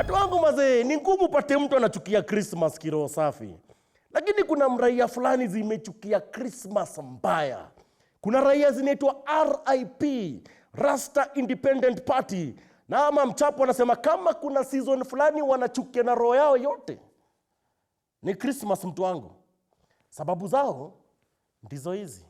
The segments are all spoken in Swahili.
Watu wangu mazee, ni ngumu pate mtu anachukia krismas kiroho safi, lakini kuna mraia fulani zimechukia krismas mbaya. Kuna raia zinaitwa RIP, Rasta Independent Party, na ama mchapo anasema kama kuna season fulani wanachukia na roho yao yote ni Krismas, Mtu wangu, sababu zao ndizo hizi.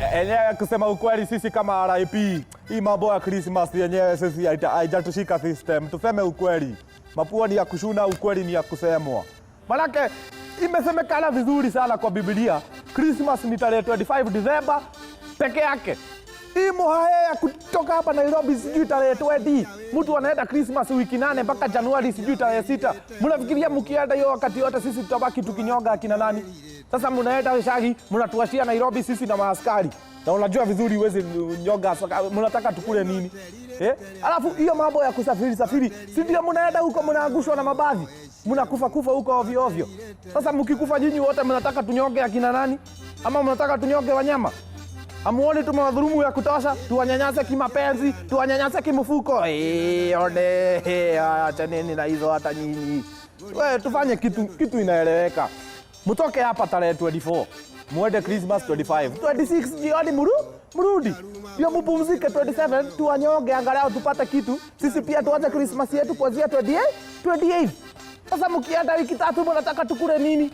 E, Enyewe kusema ukweli, sisi kama RIP hii mambo ya Christmas yenyewe sisi haijatushika system. Tuseme ukweli, mapua ni ya kushuna, ukweli ni ya kusemwa. Manake imesemekana vizuri sana kwa Biblia, Christmas ni tarehe 25 disemba peke yake. Hii mohae ya kutoka hapa Nairobi sijui tarehe twedi mtu anaenda Christmas wiki nane mpaka Januari sijui tarehe sita. Mnafikiria mkienda hiyo wakati yote sisi tutabaki tukinyoga akina nani? Sasa mnaenda shagi, mnatuashia Nairobi sisi na maaskari na unajua vizuri uweze nyoga, mnataka tukule nini eh? Alafu hiyo mambo ya kusafiri safiri, si ndio? Mnaenda huko mnaangushwa na mabadhi, mnakufa kufa huko ovyo ovyo. Sasa mkikufa nyinyi wote, mnataka tunyoge akina nani? Ama mnataka tunyoge wanyama? Amuone tumewadhulumu ya kutosha, tuwanyanyase kimapenzi, tuwanyanyase kimfuko. Hey, eh, one hey, eh, na hizo hata nyinyi. Wewe tufanye kitu, kitu inaeleweka. Mtoke hapa tarehe 24 mwende Christmas 25 26 jioni muru mrudi ndio mupumzike 27 tuwanyonge angalau tupate kitu sisi pia tuanze Christmas yetu kuanzia 28 28 sasa mkienda wiki tatu mnataka tukule nini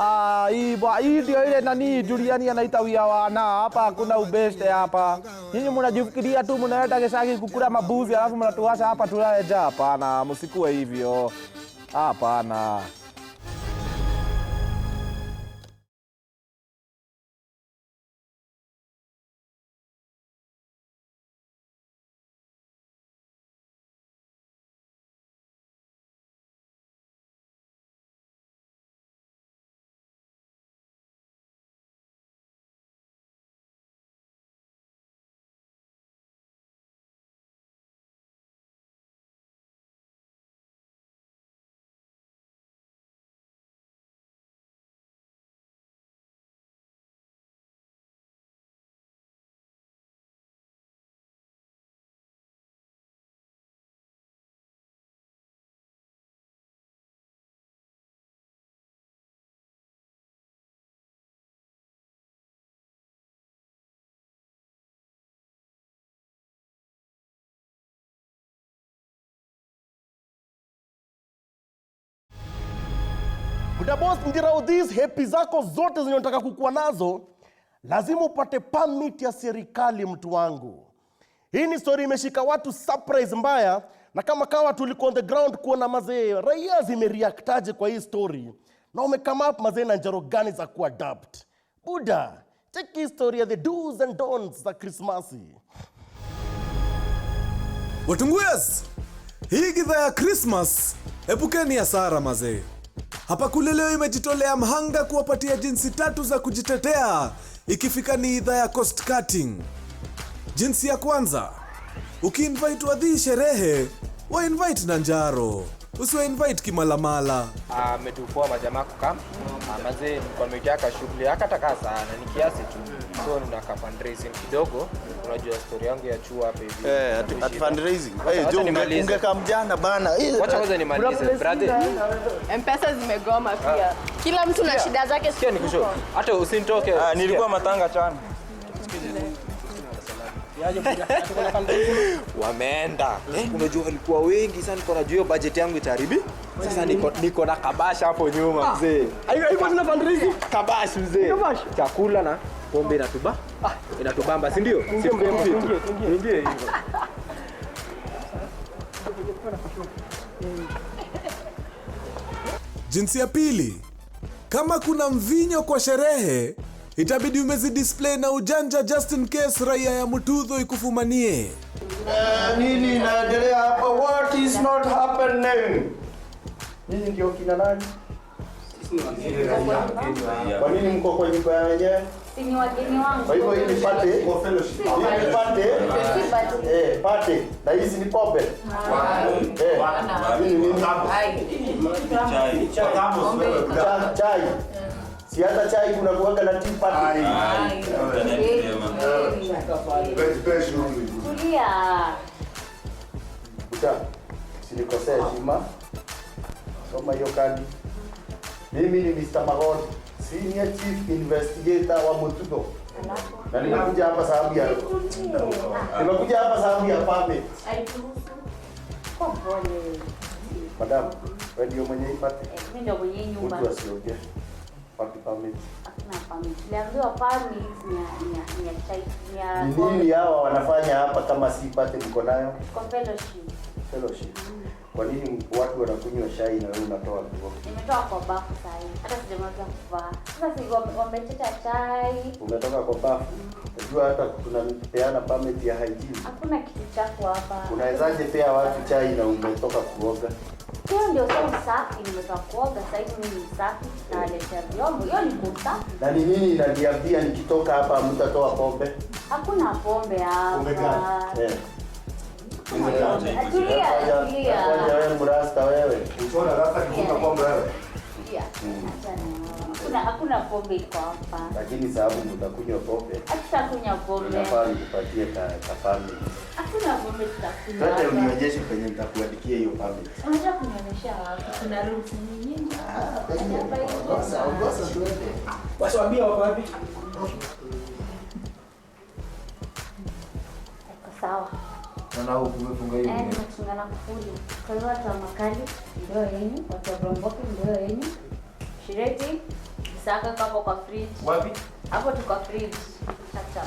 Ah, hii hii ndio ile nani Juliani anaita wia wana hapa, hakuna ubeste hapa. Nyinyi mnajifikiria tu mnaenda Gicagi kukula mabuzi alafu mnatuacha hapa tulale njaa. Hapana, msikue hivyo. Hapana. the boss, ndira of these hepi zako zote zenye unataka kukuwa nazo lazima upate permit ya serikali, mtu wangu. Hii ni story imeshika watu surprise mbaya, na kama kawa tuliko on the ground kuona mazee raia zimereactaje kwa hii story, na umekame up mazee na njaro gani za kuadapt. Buda, cheki historia the do's and don'ts za Krismasi. Watungues, hii gidhaa ya Krismas, epukeni hasara mazee. Hapa Kule leo imejitolea mhanga kuwapatia jinsi tatu za kujitetea ikifika ni idhaa ya cost cutting. Jinsi ya kwanza, ukiinvaitwa dhii sherehe wa invite Nanjaro, usiwa invite kimalamala. Ametupoa majamaa kukam ah, mazee, mkamekiaka shughuli akataka sana, ni kiasi tu, so ninaka fundraising kidogo. Unajua story yangu ya chuo hapa hivi eh, at fundraising. jo mjana bana, eh, wacha kwanza eh, brother. Mpesa zimegoma pia, ah. kila mtu na shida zake, sio hata usinitoke. Ah, nilikuwa matanga chana Yaani, wameenda eh? unajua walikuwa wengi sana, niko najua budget yangu itaharibi. Sasa niko niko na kabash hapo nyuma ah, mzee, tuna fundraising kabash mzee, chakula na pombe inatuba ah. inatubamba, si ndio? Si ingie jinsi ya pili, kama kuna mvinyo kwa sherehe itabidi umezi display na ujanja just in case raia ya mtudho ikufumanie. Uh, nini inaendelea hapa? Oh, what is not happening? Nini ndio kina nani? Kwa nini mko kwa nyumba ya wenyewe? Kwa hivyo hii hii pate, eh, pate na hizi ni pombe. Eh, ni Chai. Chai. Si hata chai kuna kuweka na tea party. Kulia. Uta. Sinikosea Juma. Soma hiyo kadi. Mimi ni Mr. Magodi, Senior Chief Investigator wa Mututo. Na nimekuja hapa sababu ya nimekuja hapa sababu ya permit. Madam, wewe ndio mwenye ipate. Mimi ndio mwenye nyumba. Mtu asiongee. Pati nini hawa wanafanya hapa kama si pate mko nayo? fellowship. Mm. Kwa nini watu wanakunywa shai na wewe unatoa nguo? kwa bafu sasa Hata sijamaliza kuvaa. chai. Umetoka kwa bafu. Mm. Unajua hata tunapeana permit ya hygiene. Hakuna kitu chafu hapa. Unawezaje pea watu chai na umetoka kuoga? Hiyo ndio sio usafi. Nimetoka kuoga sasa hivi mimi msafi, nawaletea vyombo. Hiyo ni usafi. Na ni nini inaniambia nikitoka hapa mtatoa pombe? Hakuna pombe hapa. Eh. Eh. Tulia, tulia. Hakuna pombe iko hapa. Lakini sababu mtakunywa pombe. Hatutakunywa pombe. Nafaa nikupatie kafani. Sasa unionyeshe kwenye nitakuandikia hiyo permit. Unataka kunionyesha wapi? Kuna rules nyingi. Sasa ah, ongoza tuende. Wasiwaambie wako wapi? Sawa. Sana huku umefunga hiyo. Eh, nimefunga na kufuli. Kwa hiyo watu wa makali ndio yenu, watu wa Bromboki ndio yenu. Shireti, Isaka kapo kwa fridge. Wapi? Hapo tu kwa fridge. Sasa.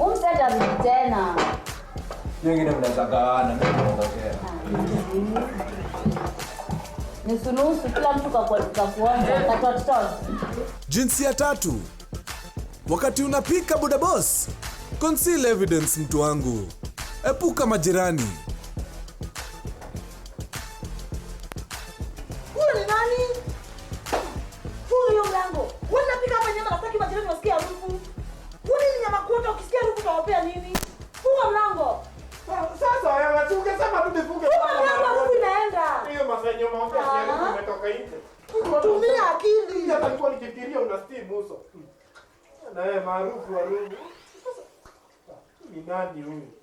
Umseta tena. mnaweza mimi kila mtu kwa kwa Jinsi ya tatu. Wakati unapika boda boss, conceal evidence mtu wangu. Epuka majirani. nilikuwa nikifikiria una Steve Muso na yeye maarufu wa Rungu. Ni nani huyu?